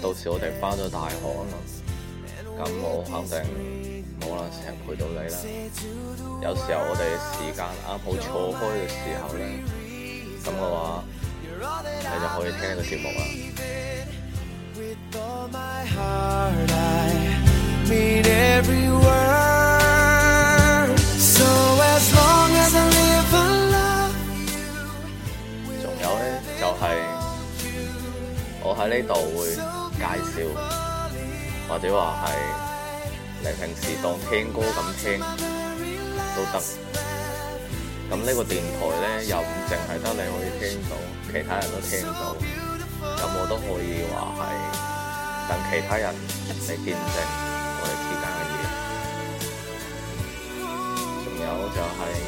到時我哋返咗大學啊嘛，咁我肯定冇啦時間陪到你啦。有時候我哋時間啱好錯開嘅時候呢，咁嘅話，你就可以聽呢個節目啦。仲 有呢，就係我喺呢度會。介紹，或者話係你平時當聽歌咁聽都得。咁呢個電台呢又唔淨係得你可以聽到，其他人都聽到。咁我都可以話係等其他人嚟見證我哋之間嘅嘢。仲有就係、是。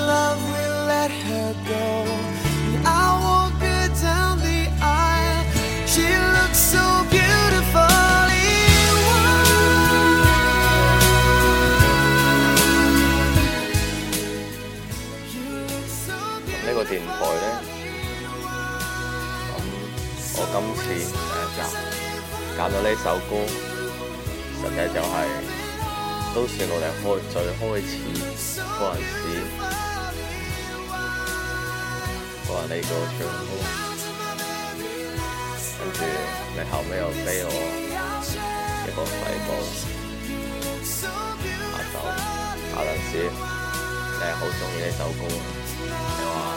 第一集揀到呢首歌，實際就係、是、都算我哋開最開始嗰陣時候，我話呢個唱歌，跟住你後尾又俾我一個細部，阿首阿林子，你係好鍾意呢首歌，你話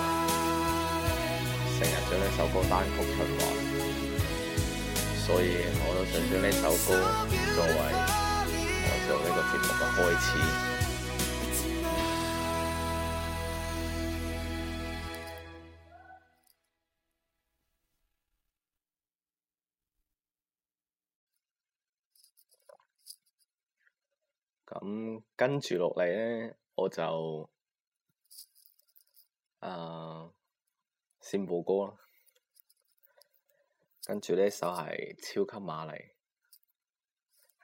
成日將呢首歌單曲循環。所以我都想將呢首歌作為我做呢個節目嘅開始。咁跟住落嚟呢，我就誒、呃、先播歌啦。跟住呢首係超級瑪麗，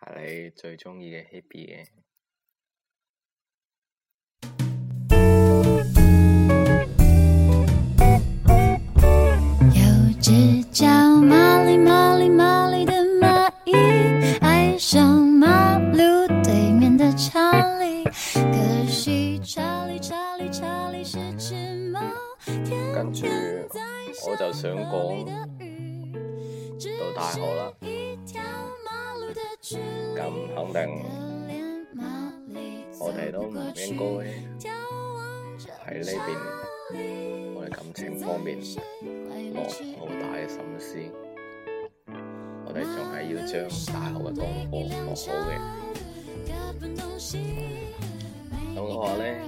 係你最鍾意嘅 Hebe 嘅。有隻叫瑪麗瑪麗瑪麗的螞蟻，愛上馬路對面的查理，可惜查理查理查理是隻貓。跟住我就想講。大學啦，咁肯定我，我哋都唔應該喺呢邊，我哋感情方面落好大嘅心思，我哋仲係要將大學嘅功課學好嘅。同學咧，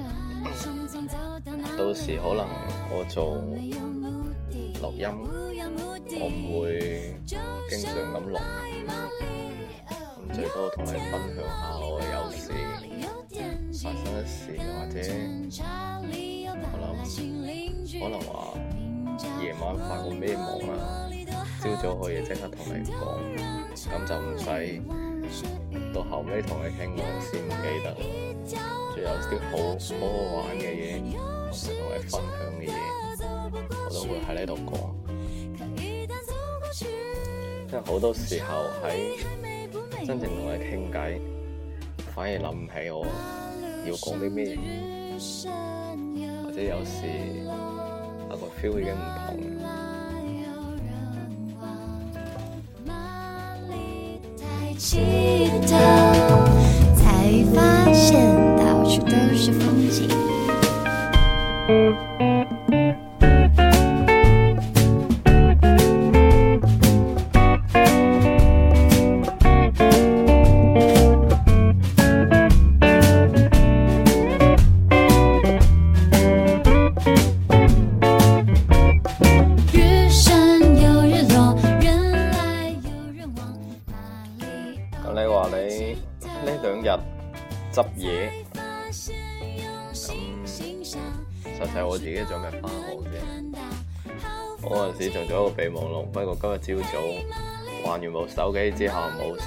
到時可能我做。錄音我唔會經常咁錄，最多同你分享下我有時發生嘅事，或者我諗可能話夜晚發過咩夢啊，朝早可以即刻同你講，咁就唔使到後尾同你傾完先記得，仲有啲好好好玩嘅嘢我會同你分享嘅嘢。會喺呢度講，因為好多時候喺真正同你傾偈，反而諗唔起我要講啲咩，或者有時一個 feel 已經唔同。 就係我自己準備翻好先，嗰陣時仲做一個備忘錄，不過今日朝早還完部手機之後冇曬，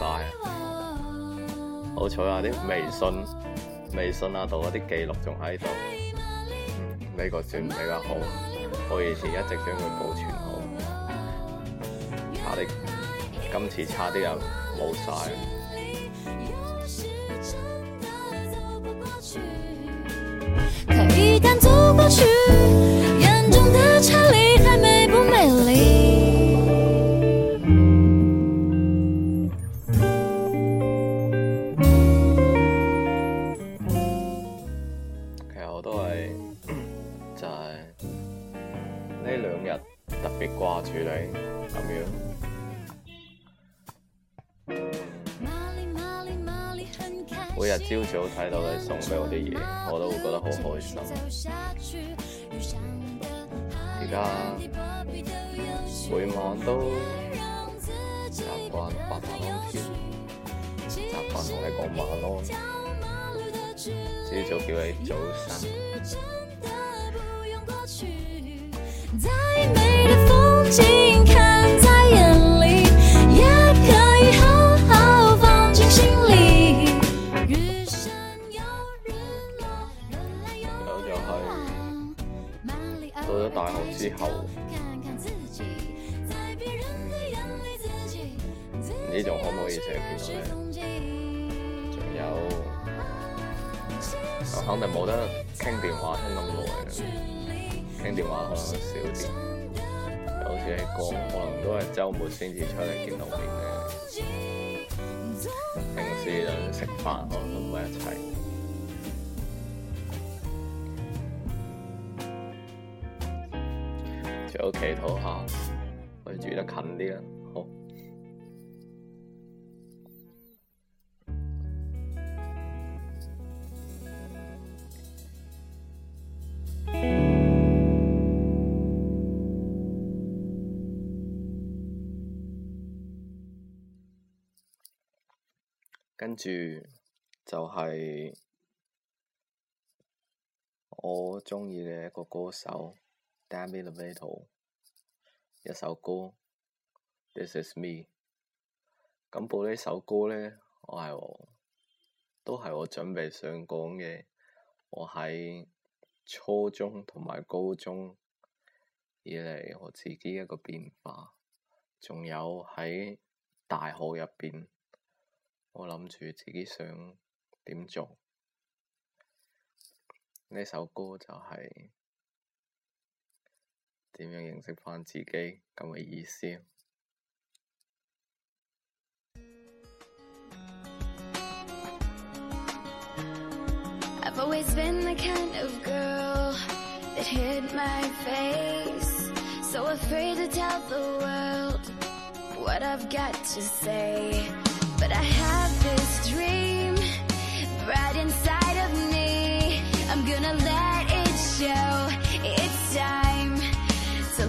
好彩啊啲微信、微信啊度嗰啲記錄仲喺度，呢、嗯、個算比較好，我以前一直將佢保存好，差啲今次差啲又冇曬。 去。睇到你送俾我啲嘢，我都會覺得好開心。而家每晚都習慣發發消息，習慣同你講晚安，朝早叫你早睡。Oh. 到咗大學之後，你仲可唔可以成日見到咧？仲有，我、嗯嗯、肯定冇得傾電話傾咁耐啊！傾電話可能少啲，好似喺工，可能都係周末先至出嚟見到面嘅。平時就算食飯，可能都唔會一齊。地圖、嗯 啊、我住得近啲啦。好，跟住就係我中意嘅一個歌手 Damien Leith 一首歌，This Is Me。咁播呢首歌呢，我係，都係我準備想講嘅，我喺初中同埋高中以嚟我自己一個變化，仲有喺大學入邊，我諗住自己想點做，呢首歌就係、是。點樣認識返自己咁嘅意思？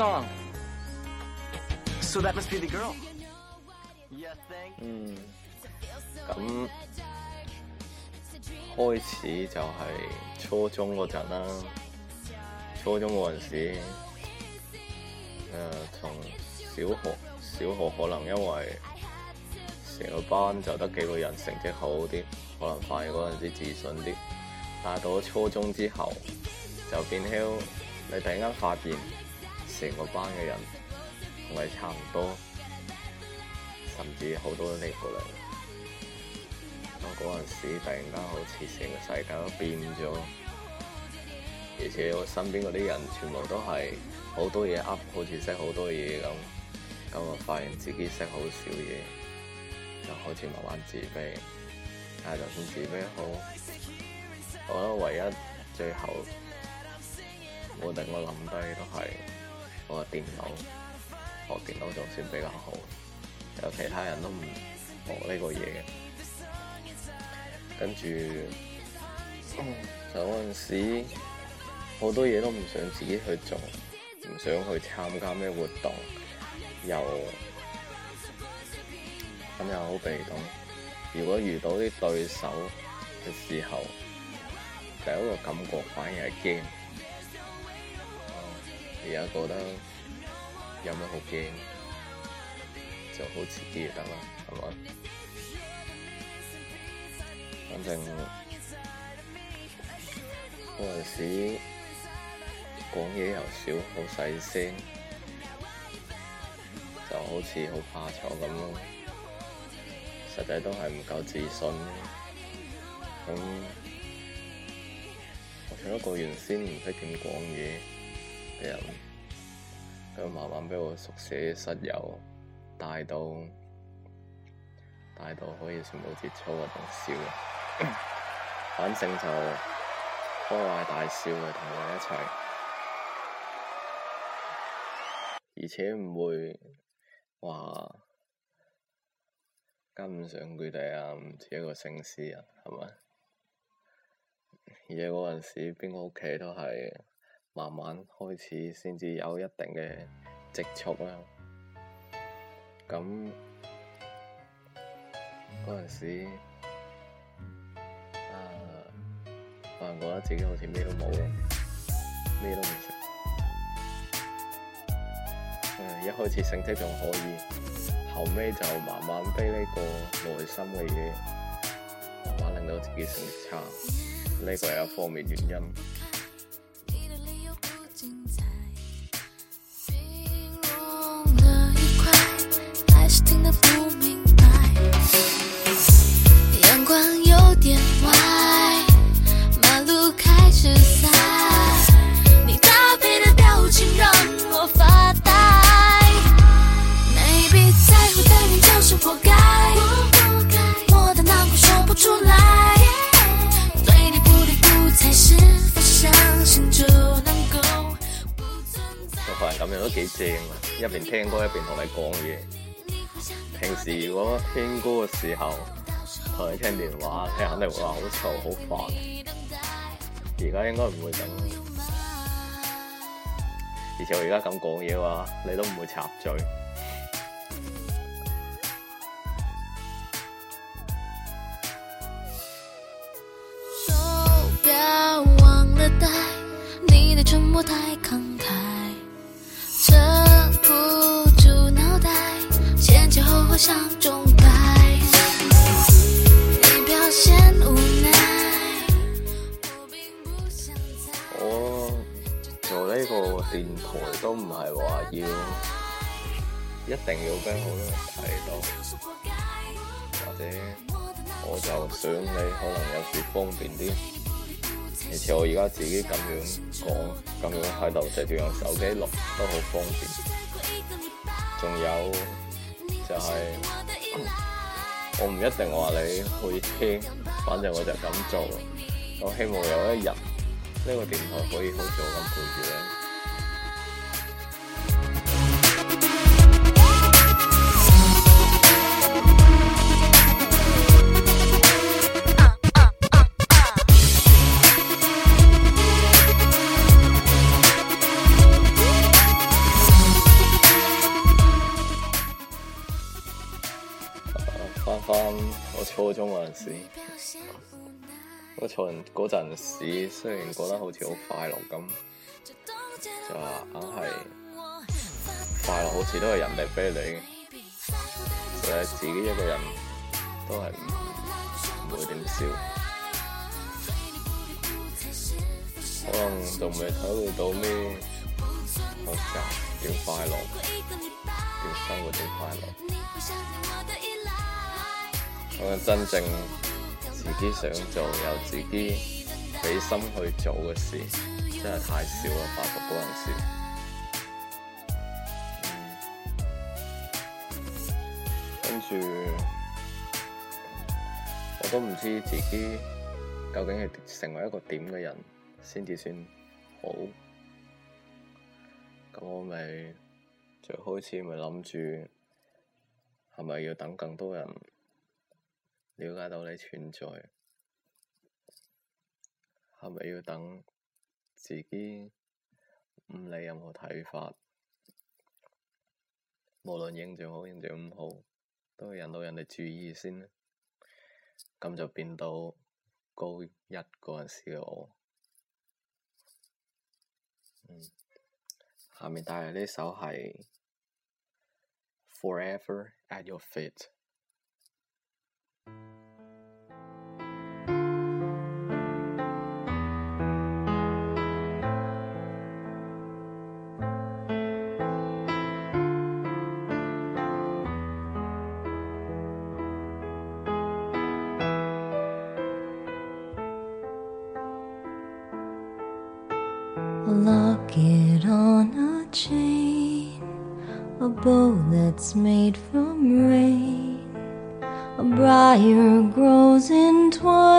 嗯、開始就係初中嗰陣啦，初中嗰陣時，誒、呃、從小學小學可能因為成個班就得幾個人成績好啲，可能反而嗰陣時自信啲。但係到咗初中之後，就見到你突然間發現。成個班嘅人同你差唔多，甚至好多都嚟過嚟。咁嗰陣時突然間好似成個世界都變咗，而且我身邊嗰啲人全部都係好多嘢 up，好似識好多嘢咁。咁我發現自己識好少嘢，就開始慢慢自卑。但係就算自卑好，我覺得唯一最後我令我諗低都係。我的電腦，我、哦、電腦就算比較好，有其他人都唔學呢個嘢嘅，跟住就嗰陣時好多嘢都唔想自己去做，唔想去參加咩活動，又咁又好被動，如果遇到啲對手嘅時候，第一個感覺反而係驚。而家覺得有乜好驚，就好自己就得啦，係嘛？反正嗰陣時講嘢又少，好細聲，就好似好怕醜咁咯。實際都係唔夠自信。咁我係一個原先唔識點講嘢。嘅人，咁、yeah. 慢慢俾我宿舍室友帶到，帶到可以全部接觸啊同笑， 反正就開懷大笑嘅同我一齊，而且唔會話跟唔上佢哋啊，唔似一個聖詩人，係咪？而且嗰陣時邊個屋企都係。慢慢開始先至有一定嘅積蓄啦，咁嗰陣時，啊，我覺得自己好似咩都冇咯，咩都唔識、啊。一開始成績仲可以，後尾就慢慢俾呢個內心嘅嘢，話令到自己成績差，呢、這個係一方面原因。我發現咁樣都幾正嘛，啊，一邊聽歌一邊同你講嘢。平時我果，聽歌嘅時候同你聽電話，聽肯定會話好嘈好煩。而家應該唔會咁，而且我而家咁講嘢嘅話，你都唔會插嘴。 我做呢個電台都唔係話要一定要俾好多人睇到，或者我就想你可能有時方便啲，而且我而家自己咁樣講，咁樣喺度直接用手機錄都好方便，仲有。就係、是嗯，我唔一定話你去聽，反正我就咁做。我希望有一日呢個電台可以好做咁培養。嗰陣嗰陣時，雖然過得好似好快樂咁，就話硬係快樂，好似都係人哋俾你嘅。所以自己一個人都係唔會點笑，可能仲未考慮到咩學習點快樂，點生活點快樂。我真正自己想做、有自己畀心去做嘅事，真係太少啊！發覺嗰陣時，跟住我都唔知自己究竟係成為一個點嘅人先至算好。咁我咪最開始咪諗住係咪要等更多人？了解到你存在，係咪要等自己唔理任何睇法，無論形象好形象唔好，都要引到人哋注意先，咁就變到高一嗰陣時嘅我。嗯，下面帶嚟呢首係 Forever at your feet。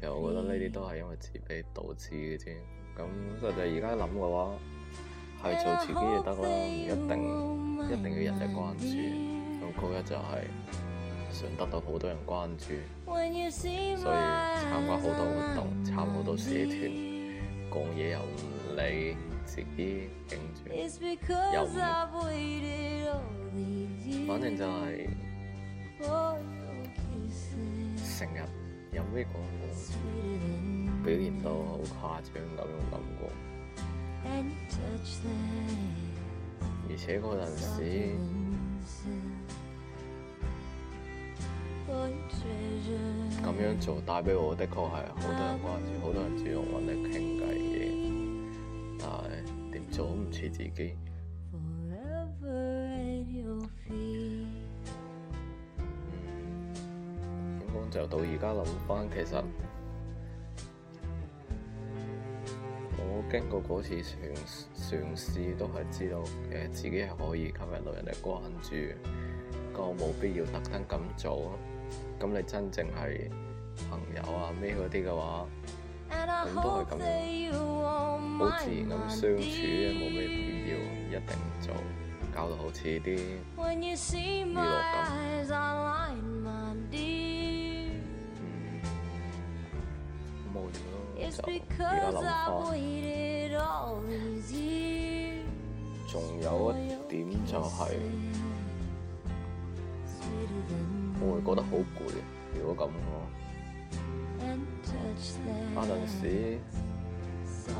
其實我覺得呢啲都係因為自卑導致嘅啫，咁所以而家諗嘅話係做自己就得啦，唔一定一定要人嘅關注。高一就係想得到好多人關注，所以參加好多活動，參好多社團，講嘢又唔理，自己頂住又唔，反正就係、是、成日。有咩講過？表現到好誇張咁樣諗過，而且嗰陣時咁樣做帶畀我的確係好多人關注，好多人主動揾你傾偈嘅，但係點做都唔似自己。嗯。又到而家諗翻，其實我經過嗰次嘗嘗試，是都係知道誒自己係可以吸引到人哋關注，個冇必要特登咁做。咁你真正係朋友啊咩嗰啲嘅話，咁都係咁樣，好自然咁相處咧，冇咩必要，必要一定做，搞到好似啲娛樂咁。嗯、就而家諗翻，仲有一點就係、是、我會覺得好攰。如果咁、啊，嗰、啊、陣時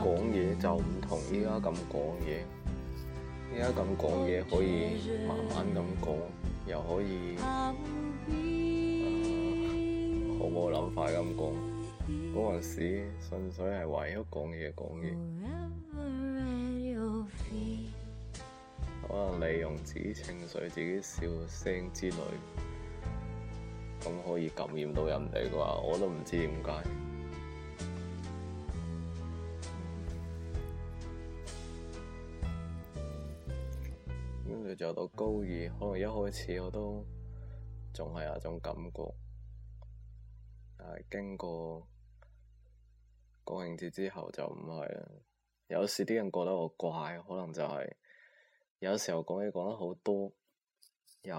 講嘢就唔同依家咁講嘢。依家咁講嘢可以慢慢咁講，又可以好冇諗法咁講。嗰陣時純粹係為咗講嘢講嘢，話可能利用自己情緒、自己笑聲之類，咁可以感染到人哋啩，我都唔知點解。跟住就到高二，可能一開始我都仲係有種感覺，誒經過。國慶節之後就唔係啦，有時啲人覺得我怪，可能就係有時候講嘢講得好多，又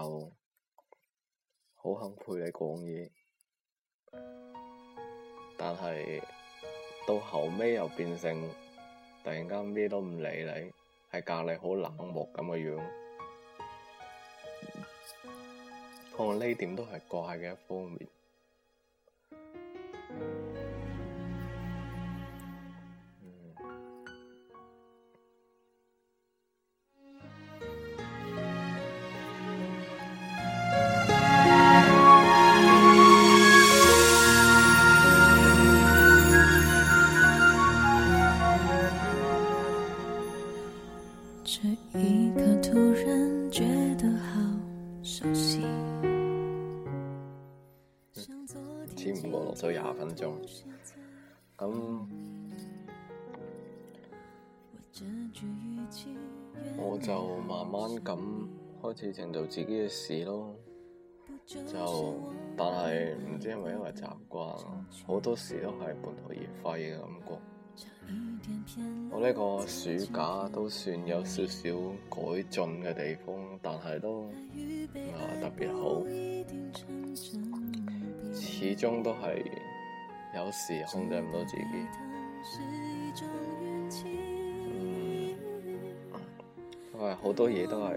好肯陪你講嘢，但係到後尾又變成突然間咩都唔理你，係隔籬好冷漠咁嘅樣，可能呢點都係怪嘅一方面。我就慢慢咁開始淨做自己嘅事咯，就但係唔知係咪因為習慣，好多時都係半途而廢嘅感覺。嗯、我呢個暑假都算有少少改進嘅地方，但係都啊特別好，始終都係有時控制唔到自己。好多嘢都係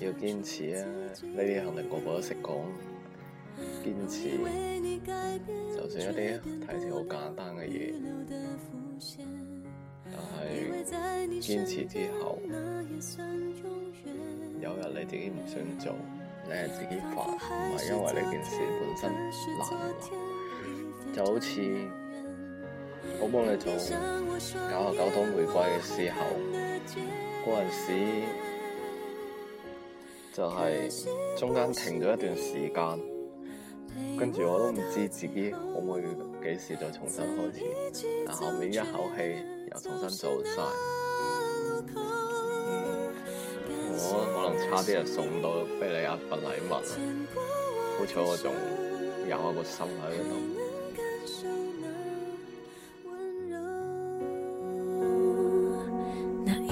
要堅持啊！呢啲肯定個個都識講，堅持，就算一啲睇似好簡單嘅嘢，但係堅持之後，有日你自己唔想做，你係自己煩，唔係因為呢件事本身難，就好似我幫你做搞下九朵玫瑰嘅時候。嗰陣時就係中間停咗一段時間，跟住我都唔知自己可唔可以幾時再重新開始。但後面一口氣又重新做曬，嗯，我可能差啲就送唔到俾你一份禮物啦。好彩我仲有個心喺度。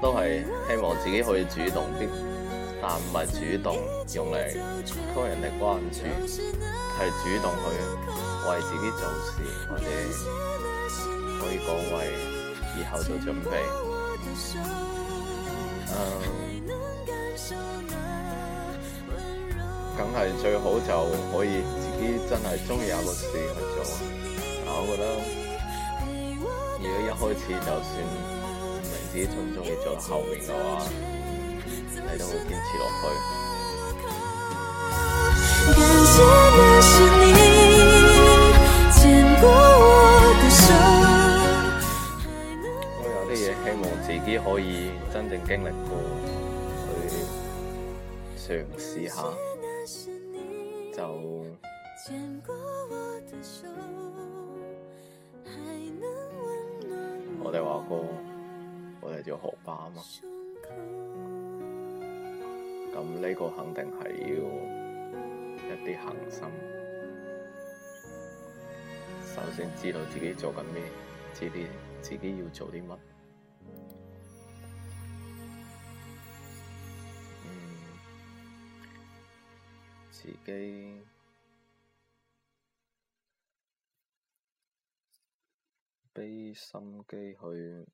都係希望自己可以主動啲，但唔係主動用嚟吸引人哋關注，係主動去為自己做事，或者可以講為以後做準備。嗯，梗係最好就可以自己真係中意有個事去做，但、嗯、我覺得如果一開始就算。自己仲中意做後面嘅話，你都好堅持落去。 我有啲嘢希望自己可以真正經歷過，去嘗試下。就我哋話過。我哋做學霸嘛，咁呢個肯定係要一啲恒心。首先知道自己做緊咩，自己自己要做啲乜，嗯，自己俾心機去。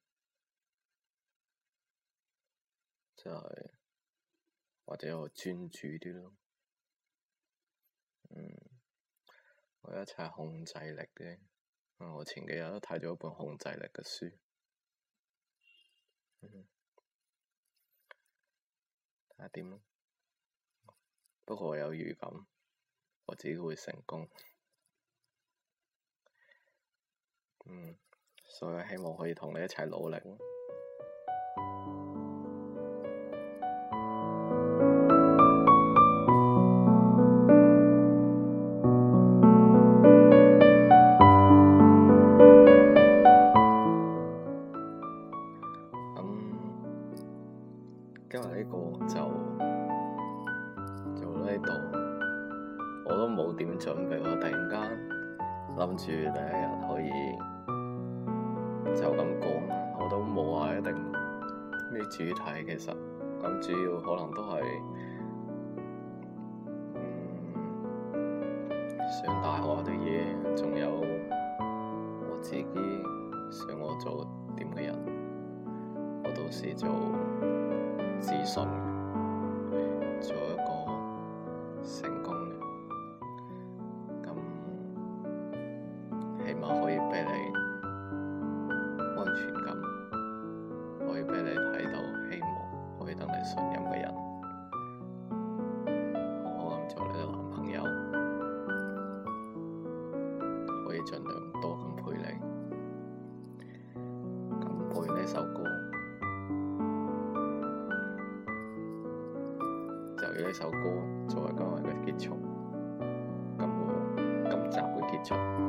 或者我專注啲咯，嗯，我一齊控制力嘅，嗯，我前幾日都睇咗一本控制力嘅書，嗯，睇下點咯，不過我有預感，我自己會成功，嗯，所以希望可以同你一齊努力咯。我都冇點準備，我突然間諗住第一日可以就咁講，我都冇話一定咩主題，其實咁主要可能都係上大學啲嘢，仲、嗯、有我自己想我做點嘅人，我到時就自信。呢首歌，就以呢首歌作為今晚嘅結束。咁我，今集嘅結束。